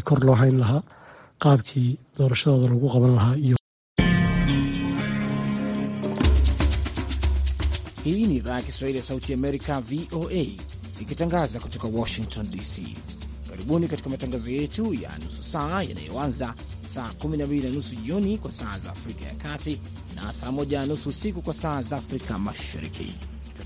kor loo hayn lahaa qaabkii doorashadooda lagu qaban lahaa iyo Hii ni idhaa ya Kiswahili ya Sauti Amerika, VOA, ikitangaza kutoka Washington DC. Karibuni katika matangazo yetu ya nusu saa yanayoanza saa 12 na nusu jioni kwa saa za Afrika ya Kati na saa 1 na nusu usiku kwa saa za Afrika Mashariki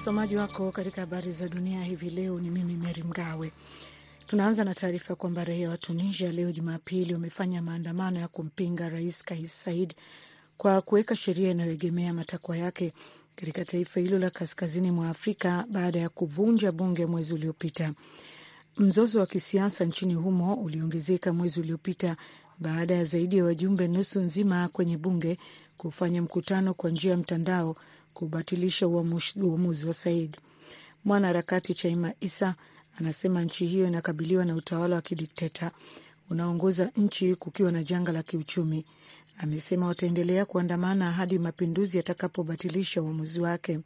Msomaji wako katika habari za dunia hivi leo ni mimi Meri Mgawe. Tunaanza na taarifa kwamba raia wa Tunisia leo Jumapili wamefanya maandamano ya kumpinga Rais Kais Said kwa kuweka sheria inayoegemea matakwa yake katika taifa hilo la kaskazini mwa Afrika baada ya kuvunja bunge mwezi uliopita. Mzozo wa kisiasa nchini humo uliongezeka mwezi uliopita baada ya zaidi ya wajumbe nusu nzima kwenye bunge kufanya mkutano kwa njia ya mtandao kubatilisha uamuzi wa Said. Mwanaharakati Chaima Isa anasema nchi hiyo inakabiliwa na utawala wa kidikteta unaongoza nchi kukiwa na janga la kiuchumi. Amesema wataendelea kuandamana hadi mapinduzi yatakapobatilisha uamuzi wake.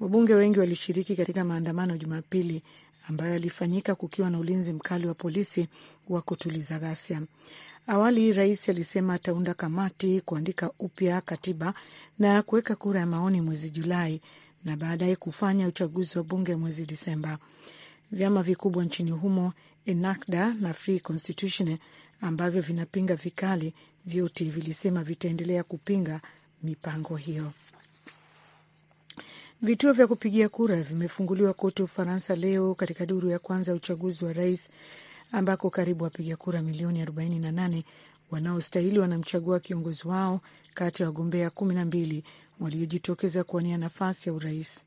Wabunge wengi walishiriki katika maandamano Jumapili ambayo yalifanyika kukiwa na ulinzi mkali wa polisi wa kutuliza ghasia. Awali rais alisema ataunda kamati kuandika upya katiba na kuweka kura ya maoni mwezi Julai na baadaye kufanya uchaguzi wa bunge mwezi Disemba. Vyama vikubwa nchini humo Ennahda na Free Constitution ambavyo vinapinga vikali, vyote vilisema vitaendelea kupinga mipango hiyo. Vituo vya kupigia kura vimefunguliwa kote Ufaransa leo katika duru ya kwanza ya uchaguzi wa rais ambako karibu wapiga kura milioni 48 wanaostahili wanamchagua kiongozi wao kati ya wagombea kumi na mbili waliojitokeza kuwania nafasi ya urais.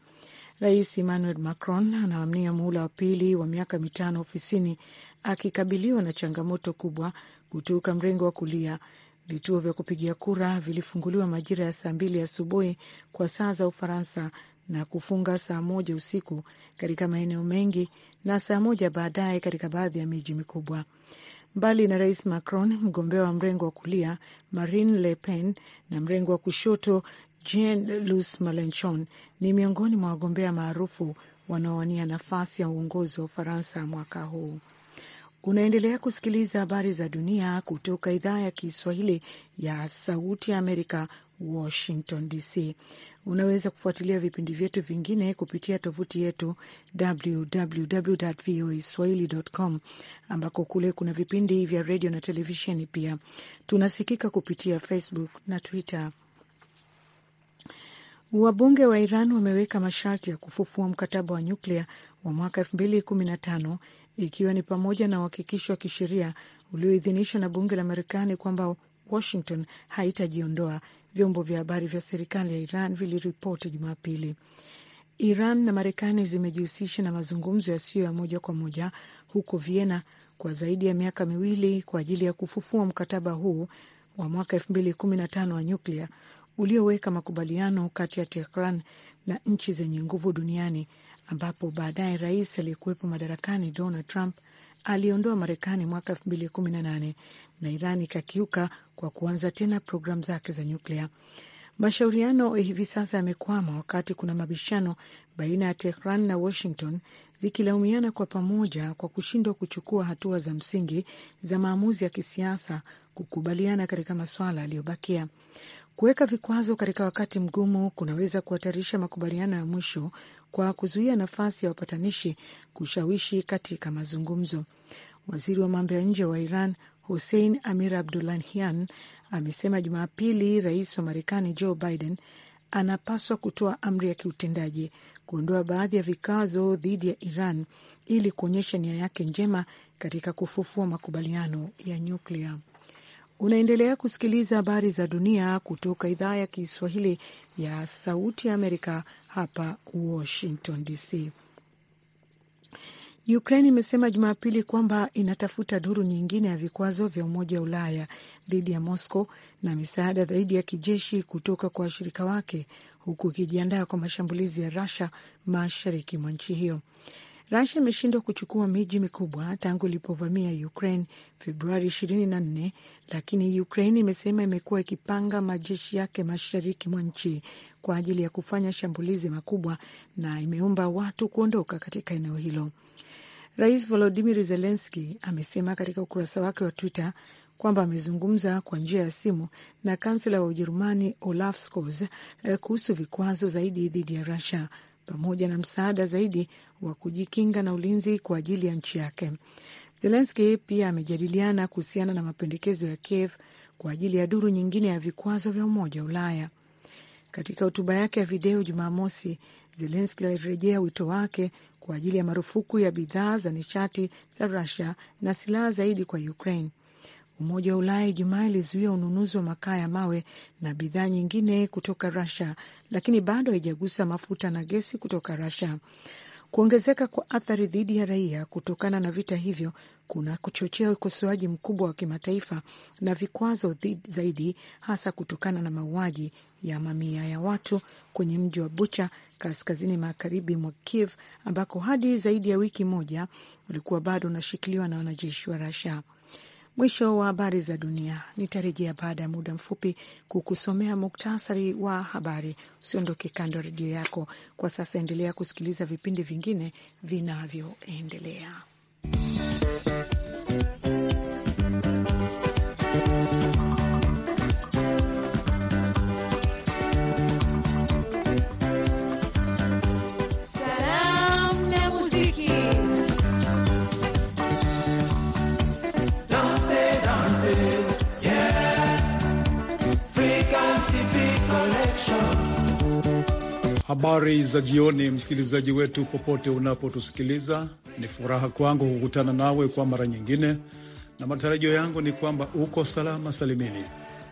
Rais Emmanuel Macron anawania muhula wa pili wa miaka mitano ofisini, akikabiliwa na changamoto kubwa kutoka mrengo wa kulia. Vituo vya kupigia kura vilifunguliwa majira ya saa mbili asubuhi kwa saa za Ufaransa na kufunga saa moja usiku katika maeneo mengi na saa moja baadaye katika baadhi ya miji mikubwa. Mbali na Rais Macron, mgombea wa mrengo wa kulia Marine Le Pen na mrengo wa kushoto Jean-Luc Melenchon ni miongoni mwa wagombea maarufu wanaowania nafasi ya uongozi wa Ufaransa mwaka huu. Unaendelea kusikiliza habari za dunia kutoka idhaa ya Kiswahili ya Sauti ya Amerika, Washington DC. Unaweza kufuatilia vipindi vyetu vingine kupitia tovuti yetu www.voaswahili.com, ambako kule kuna vipindi vya redio na televisheni. Pia tunasikika kupitia Facebook na Twitter. Wabunge wa Iran wameweka masharti ya kufufua mkataba wa nyuklia wa mwaka tano ikiwa ni pamoja na uhakikisho wa kisheria ulioidhinishwa na bunge la Marekani kwamba Washington haitajiondoa vyombo vya habari vya serikali ya Iran viliripoti Jumapili. Iran na Marekani zimejihusisha na mazungumzo yasiyo ya moja kwa moja huko Vienna kwa zaidi ya miaka miwili kwa ajili ya kufufua mkataba huu wa mwaka 2015 wa nyuklia ulioweka makubaliano kati ya Tehran na nchi zenye nguvu duniani, ambapo baadaye rais aliyekuwepo madarakani Donald Trump aliondoa Marekani mwaka 2018 na Iran ikakiuka kwa kuanza tena programu zake za nyuklia. Mashauriano hivi sasa yamekwama wakati kuna mabishano baina ya Tehran na Washington zikilaumiana kwa pamoja kwa kushindwa kuchukua hatua za msingi za maamuzi ya kisiasa kukubaliana katika masuala yaliyobakia. Kuweka vikwazo katika wakati mgumu kunaweza kuhatarisha makubaliano ya mwisho kwa kuzuia nafasi ya wapatanishi kushawishi katika mazungumzo. Waziri wa mambo ya nje wa Iran Hussein Amir Abdullahian amesema Jumapili rais wa Marekani Joe Biden anapaswa kutoa amri ya kiutendaji kuondoa baadhi ya vikwazo dhidi ya Iran ili kuonyesha nia yake njema katika kufufua makubaliano ya nyuklia. Unaendelea kusikiliza habari za dunia kutoka idhaa ya Kiswahili ya Sauti ya Amerika hapa Washington DC. Ukraine imesema Jumapili kwamba inatafuta duru nyingine ya vikwazo vya Umoja wa Ulaya dhidi ya Moscow na misaada zaidi ya kijeshi kutoka kwa washirika wake huku ikijiandaa kwa mashambulizi ya Russia mashariki mwa nchi hiyo. Russia imeshindwa kuchukua miji mikubwa tangu ilipovamia Ukraine Februari 24, lakini Ukraine imesema imekuwa ikipanga majeshi yake mashariki mwa nchi kwa ajili ya kufanya shambulizi makubwa na imeomba watu kuondoka katika eneo hilo. Rais Volodimir Zelenski amesema katika ukurasa wake wa Twitter kwamba amezungumza kwa njia ya simu na kansela wa Ujerumani Olaf Scholz eh, kuhusu vikwazo zaidi dhidi ya Rusia pamoja na msaada zaidi wa kujikinga na ulinzi kwa ajili ya nchi yake. Zelenski pia amejadiliana kuhusiana na mapendekezo ya Kiev kwa ajili ya duru nyingine ya vikwazo vya Umoja wa Ulaya. Katika hotuba yake ya video Jumamosi, Zelenski alirejea wito wake kwa ajili ya marufuku ya bidhaa za nishati za Rusia na silaha zaidi kwa Ukraine. Umoja wa Ulaya Ijumaa ilizuia ununuzi wa makaa ya mawe na bidhaa nyingine kutoka Rusia, lakini bado haijagusa mafuta na gesi kutoka Rusia. Kuongezeka kwa athari dhidi ya raia kutokana na vita hivyo kuna kuchochea ukosoaji mkubwa wa kimataifa na vikwazo zaidi, hasa kutokana na mauaji ya mamia ya watu kwenye mji wa Bucha kaskazini magharibi mwa Kiev ambako hadi zaidi ya wiki moja ulikuwa bado unashikiliwa na wanajeshi wa Russia. Mwisho wa habari za dunia. Nitarejea baada ya muda mfupi kukusomea muktasari wa habari. Usiondoke kando ya redio yako kwa sasa, endelea kusikiliza vipindi vingine vinavyoendelea. Habari za jioni, msikilizaji wetu popote unapotusikiliza. Ni furaha kwangu kukutana nawe kwa mara nyingine, na matarajio yangu ni kwamba uko salama salimini.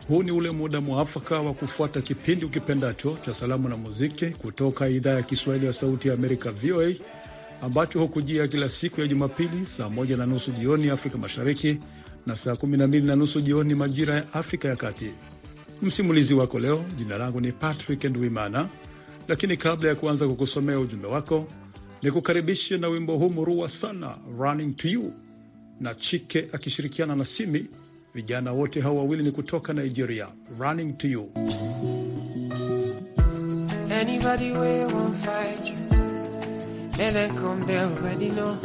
Huu ni ule muda mwafaka wa kufuata kipindi ukipendacho cha salamu na muziki kutoka idhaa ya Kiswahili ya Sauti ya Amerika, VOA, ambacho hukujia kila siku ya Jumapili saa moja na nusu jioni Afrika Mashariki na saa kumi na mbili na nusu jioni majira ya Afrika ya Kati. Msimulizi wako leo, jina langu ni Patrick Ndwimana lakini kabla ya kuanza kukusomea ujumbe wako, nikukaribishe na wimbo huu murua sana Running to You na Chike akishirikiana na Simi. Vijana wote hawa wawili ni kutoka Nigeria. Running to You. Anybody fight you, come already know.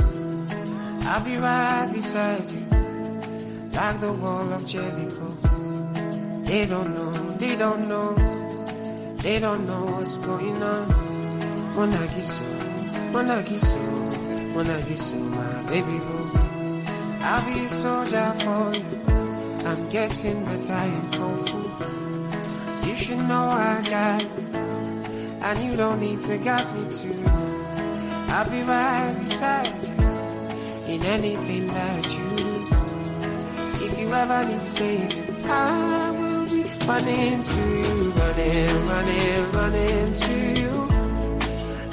I'll be right beside you, like the wall of Jericho. They don't know, they don't know. They don't know what's going on. When I get so, when I get so, when I get so, my baby boo. I'll be a soldier for you. I'm getting better I kung fu. You should know I got you. And you don't need to guide me too. I'll be right beside you in anything that you do. If you ever need saving, I will running to you, running, running, running to you.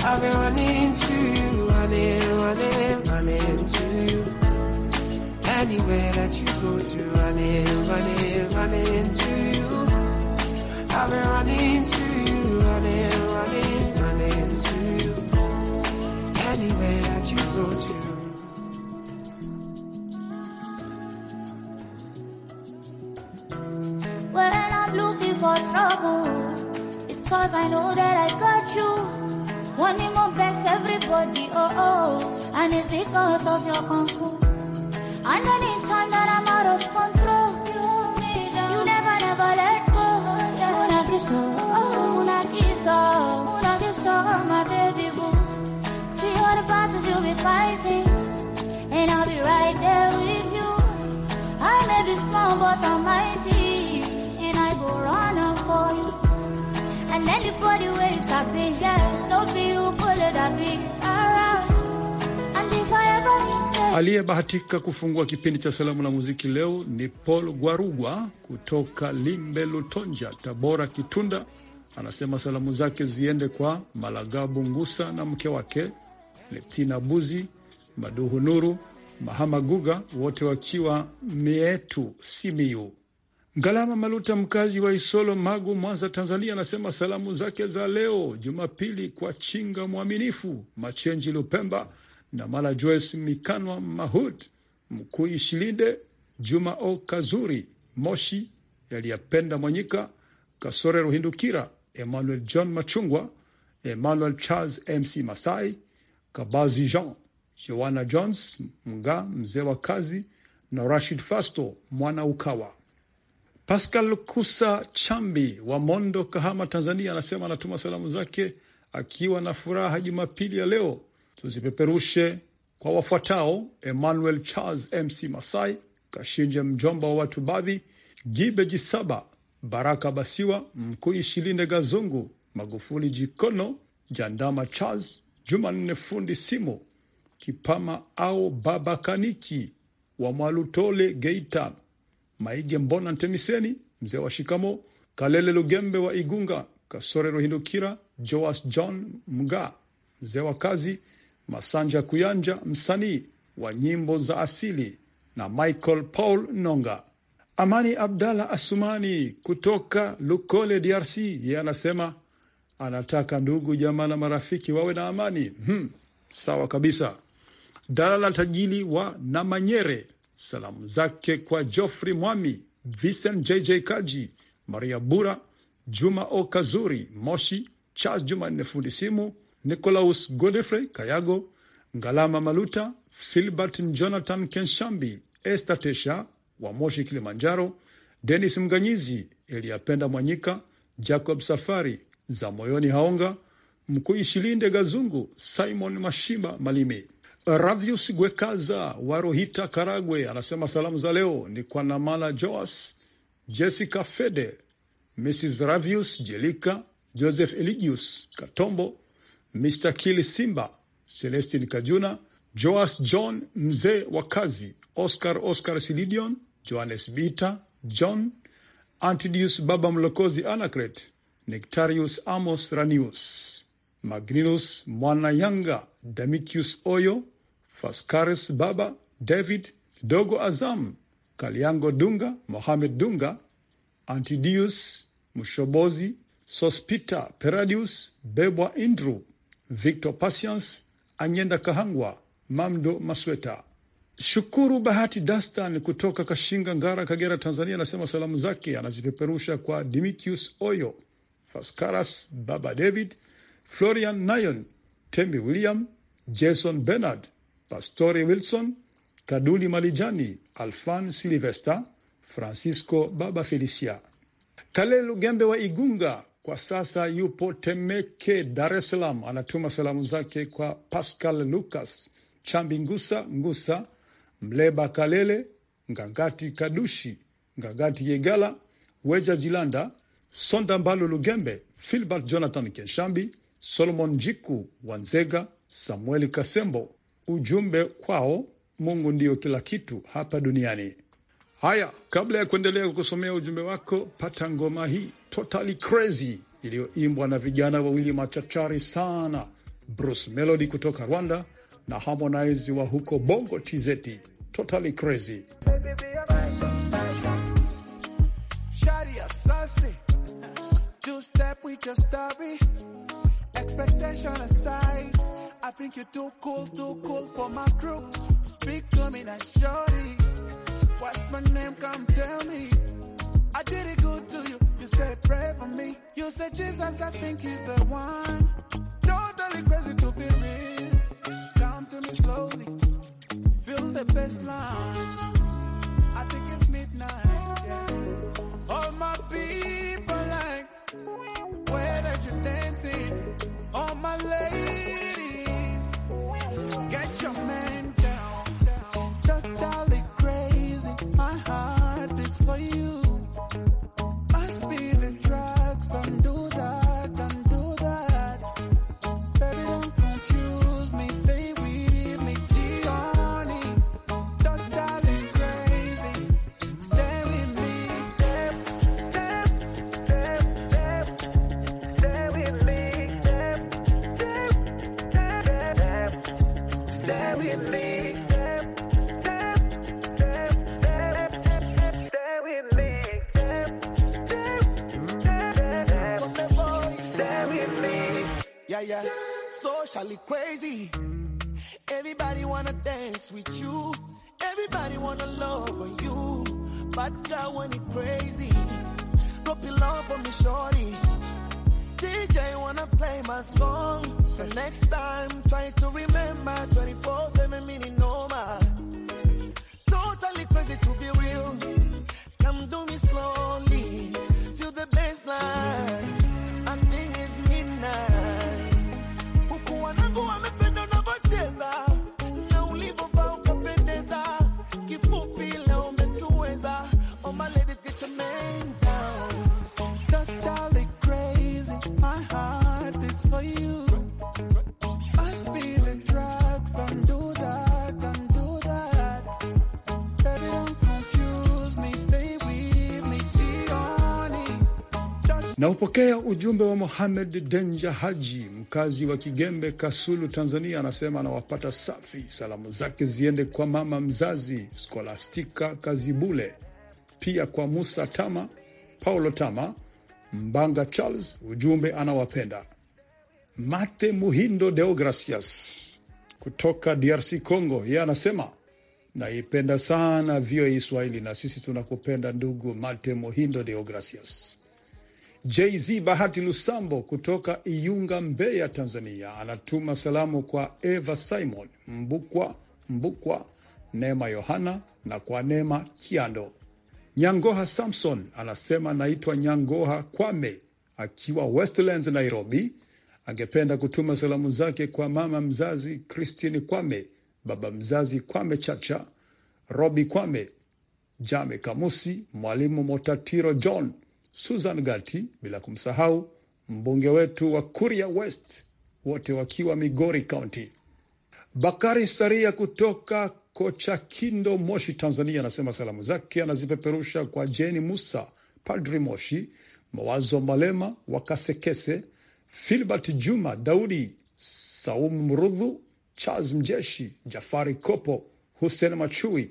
I've been running to you, running, running, running to you. Anywhere that you go to, running, running, running to you. I've been running to you, running, running, running to you. Anywhere that you go to. trouble, it's cause I know that I got you. Wanting more bless everybody, oh oh, and it's because of your kung fu. in time that I'm out of control, you never, never let go. Yeah. Una kiso, oh, una kiso, una kiso, my baby boo. See all the battles you'll be fighting, and I'll be right there with you. I may be small, but I'm mighty. me. Aliyebahatika kufungua kipindi cha salamu na muziki leo ni Paul Gwarugwa kutoka Limbe Lutonja, Tabora Kitunda. Anasema salamu zake ziende kwa Malagabu Ngusa na mke wake Leptina Buzi, Maduhu Nuru, Mahama Guga, wote wakiwa Mietu Simiyu. Galama Maluta, mkazi wa Isolo, Magu, Mwanza, Tanzania, anasema salamu zake za leo Jumapili kwa Chinga Mwaminifu, Machenji Lupemba na Mala Joyce Mikanwa, Mahut mkuishilide Shilinde Juma O Kazuri, Moshi Yaliyapenda Mwanyika, Kasore Ruhindukira, Emmanuel John Machungwa, Emmanuel Charles MC Masai, Kabazi Jean, Joanna Jones Mga, mzee wa kazi na Rashid Fasto mwana Ukawa. Pascal Kusa Chambi wa Mondo, Kahama, Tanzania, anasema anatuma salamu zake akiwa na furaha Jumapili ya leo. Tuzipeperushe kwa wafuatao: Emmanuel Charles, Mc Masai, Kashinje mjomba wa watu badhi, Gibeji Saba, Baraka Basiwa, Mkui Shilinde, Gazungu Magufuli, Jikono Jandama, Charles Jumanne, fundi simu Kipama au Baba Kaniki wa Mwalutole, Geita Maige Mbona Ntemiseni, mzee wa shikamo, Kalele Lugembe wa Igunga, Kasore Ruhindukira, Joas John Mga, mzee wa kazi, Masanja Kuyanja, msanii wa nyimbo za asili na Michael Paul Nonga. Amani Abdallah Asumani kutoka Lukole, DRC, yeye anasema anataka ndugu jamaa na marafiki wawe na amani. Hmm, sawa kabisa. Dalala Tajili wa Namanyere Salamu zake kwa Geoffrey Mwami, Vincent JJ Kaji, Maria Bura, Juma Okazuri Moshi, Charles Jumanne fundi simu, Nicolaus Godfrey Kayago, Ngalama Maluta, Filbert Jonathan Kenshambi, Esther Tesha wa Moshi Kilimanjaro, Denis Mganyizi, Eliapenda Mwanyika, Jacob Safari za moyoni Haonga, Mkuu Ishilinde Gazungu, Simon Mashima Malimi. Ravius Gwekaza wa Rohita, Karagwe, anasema salamu za leo ni kwa Namala Joas, Jessica Fede, Mrs Ravius Jelika, Joseph Eligius Katombo, Mr Kili Simba, Celestin Kajuna, Joas John, mzee wa kazi, Oscar Oscar Silidion, Johannes Bita, John Antidius, Baba Mlokozi, Anacret Nectarius, Amos Ranius, Magninus Mwana Yanga, Damikius Oyo, Faskaris Baba, David Dogo, Azam Kaliango, Dunga Mohamed Dunga, Antidius Mshobozi, Sospita Peradius, Bebwa Indru, Victor Patience, Anyenda Kahangwa, Mamdo Masweta. Shukuru Bahati Dastan kutoka Kashinga Ngara, Kagera, Tanzania, anasema salamu zake anazipeperusha kwa dimitius Oyo, Faskaras Baba David, Florian Nayon, temi William, Jason Bernard, Pastori Wilson, Kaduli Malijani, Alfan Silvesta, Francisco Baba Felicia. Kale Lugembe wa Igunga kwa sasa yupo Temeke, Dar es Salaam, anatuma salamu zake kwa Pascal Lucas Chambi, Ngusa Ngusa, Mleba Kalele, Ngangati Kadushi, Ngangati Yegala, Weja Jilanda, Sonda Mbalo Lugembe, Filbert Jonathan Kenshambi, Solomon Jiku Wanzega, Samueli Kasembo ujumbe kwao, Mungu ndiyo kila kitu hapa duniani. Haya, kabla ya kuendelea kusomea ujumbe wako, pata ngoma hii Totally Crazy iliyoimbwa na vijana wawili machachari sana, Bruce Melody kutoka Rwanda na Harmonize wa huko Bongo Tizeti. Totally Crazy. I think you're too cool, too cool for my crew. Speak to me nice shorty. What's my name? Come tell me. I did it good to you. You said pray for me. You said Jesus, I think he's the one. Totally crazy to be real. Come to me slowly. Feel the best line. I think it's midnight. Yeah. All my people like, where that you dancing? All my ladies for you. yeah, yeah. Socially crazy. Everybody wanna dance with you. Everybody wanna love on you. But girl, when it crazy, drop your love on me, shorty. DJ wanna play my song. So next time, try to remember 24 7 mini normal. Totally crazy to be real. Come do me slowly. Feel the baseline. Naupokea ujumbe wa Mohamed Denja Haji, mkazi wa Kigembe, Kasulu, Tanzania. Anasema anawapata safi. Salamu zake ziende kwa mama mzazi Skolastika Kazibule, pia kwa Musa Tama, Paulo Tama, Mbanga Charles. Ujumbe anawapenda. Mate Muhindo Deogracias kutoka DRC Congo, yeye anasema naipenda sana VOA Swahili na sisi tunakupenda ndugu Mate Mohindo Deogracias. Jz Bahati Lusambo kutoka Iyunga, Mbeya, Tanzania, anatuma salamu kwa Eva Simon Mbukwa Mbukwa, Neema Yohana na kwa Neema Kiando. Nyangoha Samson anasema naitwa Nyangoha Kwame akiwa Westlands, Nairobi. Angependa kutuma salamu zake kwa mama mzazi Christine Kwame, baba mzazi Kwame Chacha, Robi Kwame, Jame Kamusi, Mwalimu Motatiro John Susan Gati, bila kumsahau mbunge wetu wa Kuria West, wote wakiwa Migori County. Bakari Saria kutoka kocha kindo Moshi, Tanzania, anasema salamu zake anazipeperusha kwa Jeni Musa, Padri Moshi, Mawazo Malema wa Kasekese, Filbert Juma Daudi, Saumu Mrudhu, Charles Mjeshi, Jafari Kopo, Hussein Machui,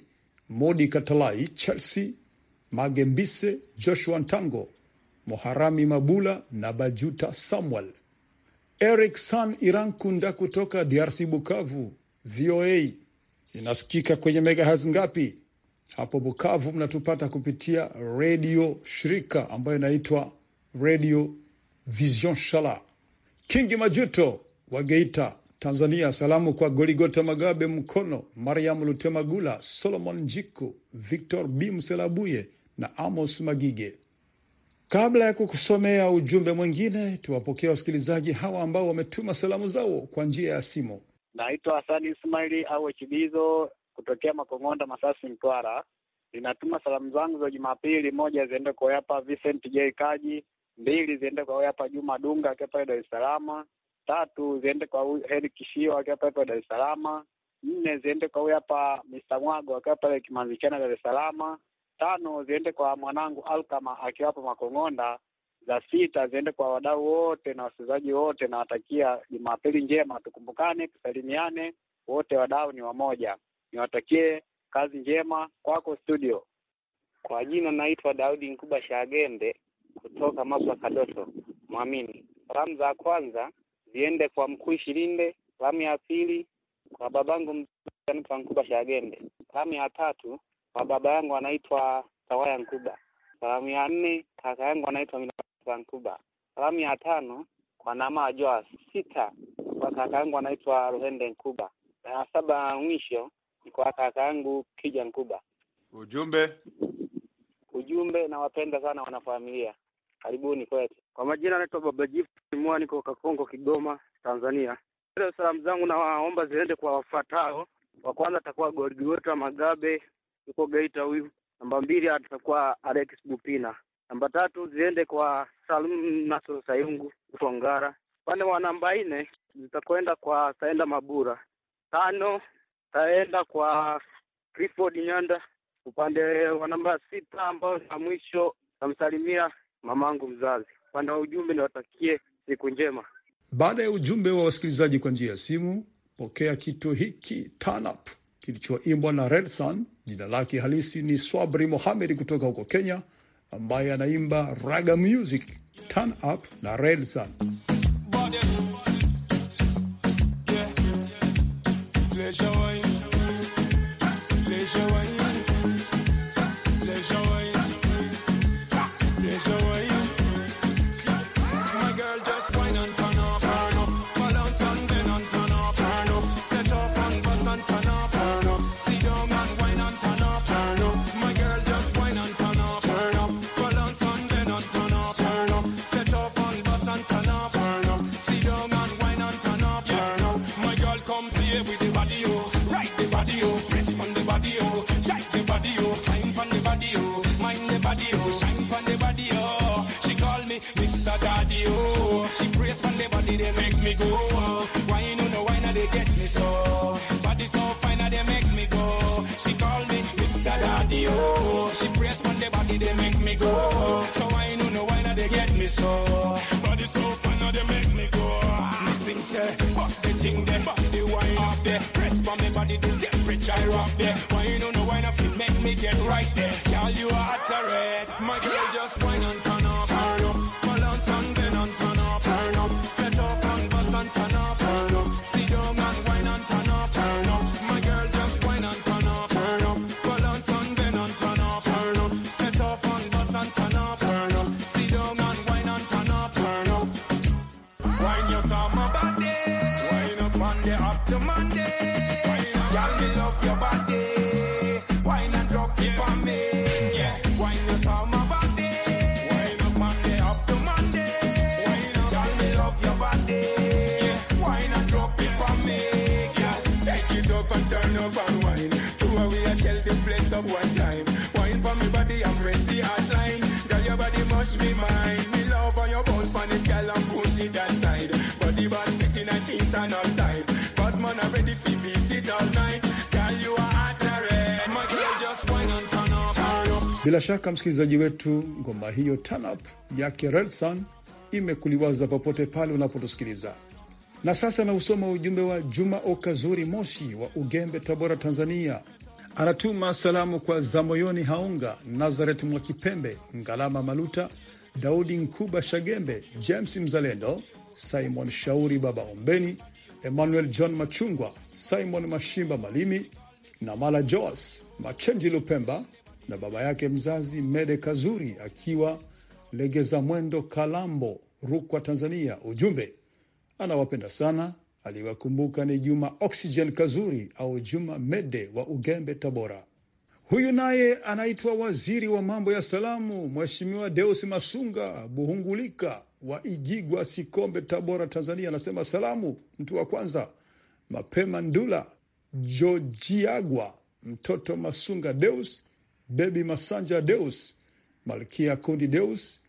Modi Katalai, Chelsea Magembise, Joshua Ntango, Moharami Mabula na Bajuta Samuel. Eric San Irankunda kutoka DRC Bukavu, VOA inasikika kwenye megahertz ngapi? Hapo Bukavu mnatupata kupitia redio shirika ambayo inaitwa Radio Vision Shala. Kingi Majuto wa Geita, Tanzania, salamu kwa Goligota Magabe Mkono, Mariam Lutemagula, Solomon Jiku, Victor B Mselabuye na Amos Magige. Kabla ya kukusomea ujumbe mwingine, tuwapokea wasikilizaji hawa ambao wametuma salamu zao kwa njia ya simu. Naitwa Hasani Ismaili au Chibizo kutokea Makong'onda, Masasi, Mtwara. Ninatuma salamu zangu za Jumapili, moja ziende kwa hapa Vincent J Kaji, mbili ziende kwa hapa Juma Dunga akiwa pale Dar es Salaam, tatu ziende kwa Heri Kishio akiwa pale Dar es Salaam, nne ziende kwa huyu hapa Mr Mwago akiwa pale Kimanzichana Dar es Salaam, tano ziende kwa mwanangu Alkama akiwapo Makong'onda, za sita ziende kwa wadau wote na wasikilizaji wote. Nawatakia Jumapili njema, tukumbukane, tusalimiane, wote wadau ni wamoja. Niwatakie kazi njema kwako studio. Kwa jina naitwa Daudi Nkuba Shagende kutoka Maswa Kadoto Mwamini. Salamu za kwanza ziende kwa mkuu ishirinde salamu ya pili kwa babangu Mzanipa Nkuba Shagende, salamu ya tatu wa baba yangu anaitwa Tawaya Nkuba. Salamu ya nne kaka yangu anaitwa Minaa Nkuba. Salamu ya tano wanama wajoa sita kwa kaka yangu anaitwa Ruhende Nkuba, na saba ya mwisho ni kwa kaka yangu Kija Nkuba. Ujumbe ujumbe, nawapenda sana wanafamilia, karibuni kwetu. Kwa majina anaitwa Baba Jifu Mwa, niko Kakongo, Kigoma, Tanzania. Salamu zangu nawaomba ziende kwa wafuatao. Wa kwanza atakuwa gorigota Magabe yuko Geita huyu. Namba mbili atakuwa Alex Bupina. Namba tatu ziende kwa Salum Nasoro Sayungu kutoka Ngara. Upande wa namba nne zitakwenda kwa Saenda Mabura. Tano taenda kwa Clifford Nyanda. Upande wa namba sita ambao na mwisho namsalimia mamangu mzazi. Upande wa ujumbe niwatakie siku njema. Baada ya ujumbe wa wasikilizaji kwa njia ya simu, pokea kitu hiki TANAP kilichoimbwa na Redsan. Jina lake halisi ni Swabri Mohamed kutoka huko Kenya, ambaye anaimba raga music turn up na Redsan. with the body, oh. the body, oh. the body, oh. the body, oh. the body, oh. Mind the body, oh. Shine the body, oh. She call me Mr. Daddy, oh. She praise on the body, they make me go. Why you know, why they get me so? Body so fine, they make me go. She call me Mr. Daddy, oh. She praise on the body, they make me go. So why you know, why they get me so? on me body, the temperature I rock there. Why you don't know why it make me get right there. Girl, you are at the red. My girl, just wine and come. You up to Monday. Y'all me love your body. Bila shaka msikilizaji wetu, ngoma hiyo tanap yake Relsan imekuliwaza popote pale unapotusikiliza. Na sasa nausoma ujumbe wa Juma Okazuri Moshi wa Ugembe, Tabora, Tanzania. Anatuma salamu kwa Zamoyoni Haonga, Nazaret Mwakipembe, Ngalama Maluta, Daudi Nkuba Shagembe, James Mzalendo, Simon Shauri, Baba Ombeni, Emmanuel John Machungwa, Simon Mashimba Malimi na Mala Joas Machenji Lupemba na baba yake mzazi Mede Kazuri akiwa Legeza Mwendo, Kalambo, Rukwa, Tanzania. Ujumbe, anawapenda sana. Aliwakumbuka ni Juma Oxygen Kazuri au Juma Mede wa Ugembe, Tabora. Huyu naye anaitwa waziri wa mambo ya salamu, Mheshimiwa Deus Masunga Buhungulika wa Ijigwa, Sikombe, Tabora, Tanzania. Anasema salamu, mtu wa kwanza Mapema Ndula Jojiagwa, mtoto Masunga Deus Bebi Masanja Deus, Malkia Kundi Deus,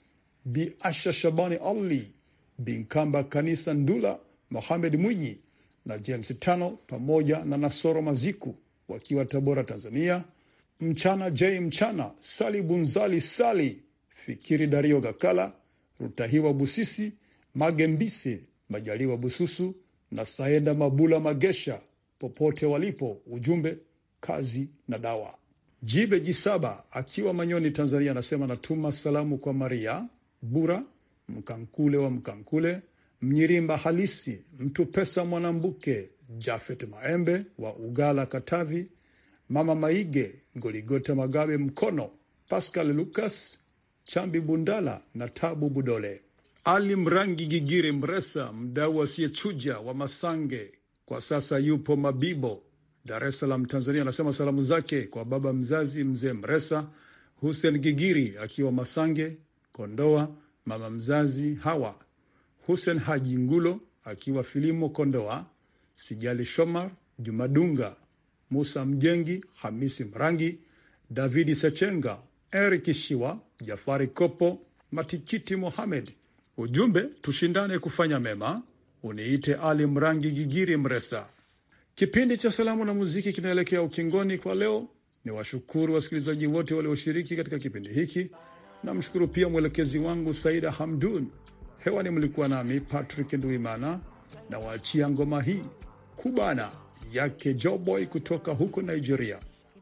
Bi Asha Shabani Ali, Binkamba Kanisa Ndula, Mohamed Mwinyi na James Tano pamoja na Nasoro Maziku wakiwa Tabora, Tanzania. Mchana J Mchana, Sali Bunzali, Sali Fikiri, Dario Gakala, Rutahiwa Busisi, Magembise, Majaliwa Bususu na Saenda Mabula Magesha, popote walipo. Ujumbe kazi na dawa. Jibe Jisaba akiwa Manyoni, Tanzania, anasema natuma salamu kwa Maria Bura Mkankule wa Mkankule, Mnyirimba halisi, mtu pesa Mwanambuke, Jafet Maembe wa Ugala, Katavi, Mama Maige, Goligota Magabe Mkono, Pascal Lucas Chambi Bundala na Tabu Budole, Ali Mrangi Gigiri Mresa, mdau asiyechuja wa Masange, kwa sasa yupo Mabibo Dar es Salaam, Tanzania, anasema salamu zake kwa baba mzazi mzee Mresa Hussein Gigiri akiwa Masange Kondoa, mama mzazi Hawa Hussein Haji Ngulo akiwa Filimo Kondoa, Sijali Shomar Jumadunga, Musa Mjengi, Hamisi Mrangi, Davidi Sechenga, Eric Shiwa, Jafari Kopo, Matikiti Mohamed. Ujumbe, tushindane kufanya mema. Uniite Ali Mrangi Gigiri Mresa. Kipindi cha salamu na muziki kinaelekea ukingoni kwa leo. Ni washukuru wasikilizaji wote walioshiriki katika kipindi hiki. Namshukuru pia mwelekezi wangu Saida Hamdun. Hewani mlikuwa nami Patrick Nduimana na waachia ngoma hii kubana yake Joboy kutoka huko Nigeria.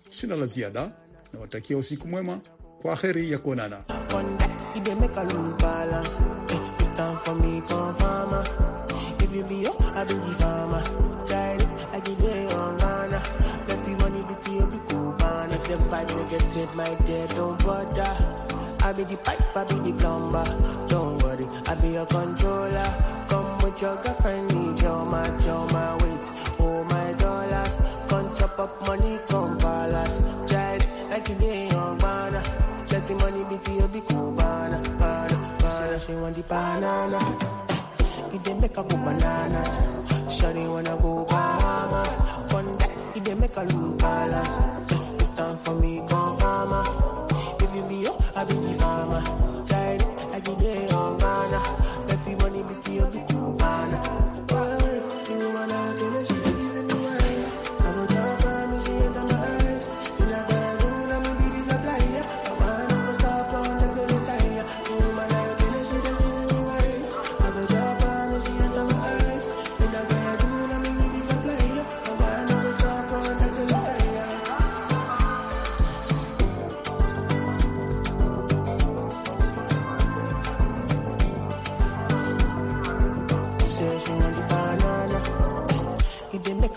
Sina la ziada, nawatakia usiku mwema, kwa heri ya kuonana. vibe negative, my dear, don't bother. I be the pipe, I be the plumber. Don't worry, I be your controller. Come with your girlfriend, need your match, your my weight. Oh my dollars, come chop up money, come palace. Child, like you get your banana. Let the money be to your big banana, banana, banana. She want the banana. It dey make her go bananas. Shawty wanna go Bahamas. One day, it dey make a look palace time for me, come farmer. If you be up, I be the farmer. Guide, I give it on Ghana. Let the money be to you, be to Ghana.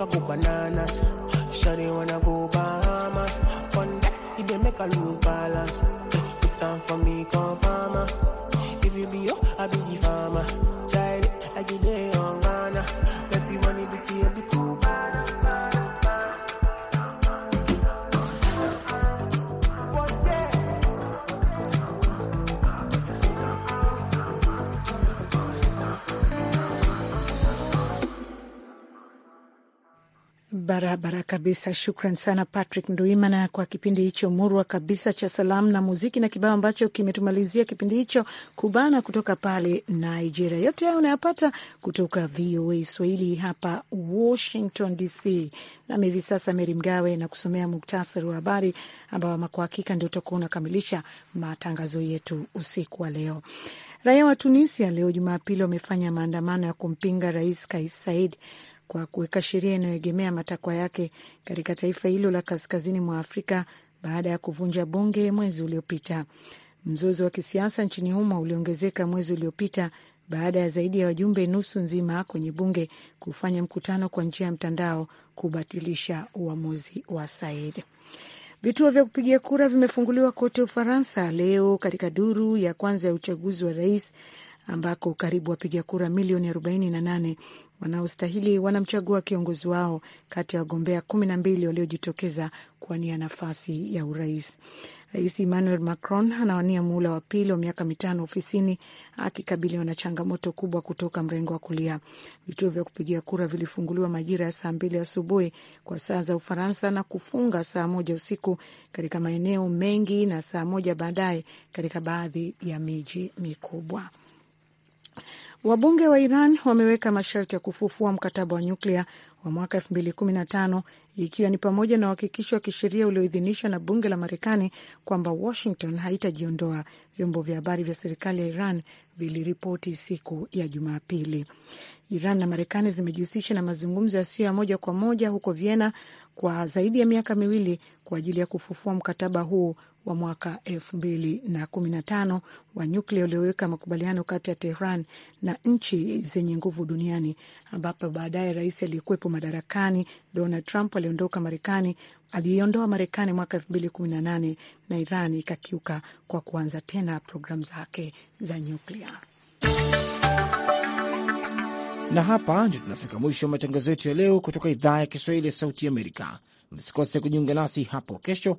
make a go bananas. Shawty wanna go Bahamas. One that if they make a lose balance. Put time for me, come farmer. If you be up, I be the farmer. Child, I get it on Ghana. barabara kabisa. Shukran sana Patrick Nduimana kwa kipindi hicho murwa kabisa cha salamu na muziki na kibao ambacho kimetumalizia kipindi hicho kubana kutoka pale Nigeria. Yote hayo unayapata kutoka VOA Swahili hapa Washington DC, nami hivi sasa Meri Mgawe na kusomea muktasari wa habari ambao kwa hakika ndio utakuwa unakamilisha matangazo yetu usiku wa leo. Raia wa Tunisia leo Jumapili wamefanya maandamano ya kumpinga Rais Kais Said kwa kuweka sheria inayoegemea matakwa yake katika taifa hilo la kaskazini mwa Afrika baada ya kuvunja bunge mwezi uliopita. Mzozo wa kisiasa nchini humo uliongezeka mwezi uliopita baada ya zaidi ya wajumbe nusu nzima kwenye bunge kufanya mkutano kwa njia ya mtandao kubatilisha uamuzi wa Said. Vituo vya kupigia kura vimefunguliwa kote Ufaransa leo katika duru ya kwanza ya uchaguzi wa rais ambako karibu wapiga kura milioni 48 wanaostahili wanamchagua kiongozi wao kati ya wagombea kumi na mbili waliojitokeza kuwania nafasi ya urais. Rais Emmanuel Macron anawania muhula wa pili wa miaka mitano ofisini akikabiliwa na changamoto kubwa kutoka mrengo wa kulia. Vituo vya kupigia kura vilifunguliwa majira ya saa mbili asubuhi kwa saa za Ufaransa na kufunga saa moja usiku katika maeneo mengi na saa moja baadaye katika baadhi ya miji mikubwa. Wabunge wa Iran wameweka masharti ya kufufua mkataba wa nyuklia wa mwaka 2015 ikiwa ni pamoja na uhakikisho wa kisheria ulioidhinishwa na bunge la Marekani kwamba Washington haitajiondoa, vyombo vya habari vya serikali ya Iran viliripoti siku ya Jumapili. Iran na Marekani zimejihusisha na mazungumzo yasiyo ya moja kwa moja huko Vienna kwa zaidi ya miaka miwili kwa ajili ya kufufua mkataba huo wa mwaka elfu mbili na kumi na tano wa nyuklia ulioweka makubaliano kati ya Tehran na nchi zenye nguvu duniani, ambapo baadaye rais aliyekuwepo madarakani Donald Trump aliondoka Marekani, aliiondoa Marekani mwaka elfu mbili kumi na nane na Iran ikakiuka kwa kuanza tena programu zake za nyuklia. Na hapa ndio tunafika mwisho wa matangazo yetu ya leo kutoka idhaa ya Kiswahili ya Sauti Amerika. Msikose kujiunga nasi hapo kesho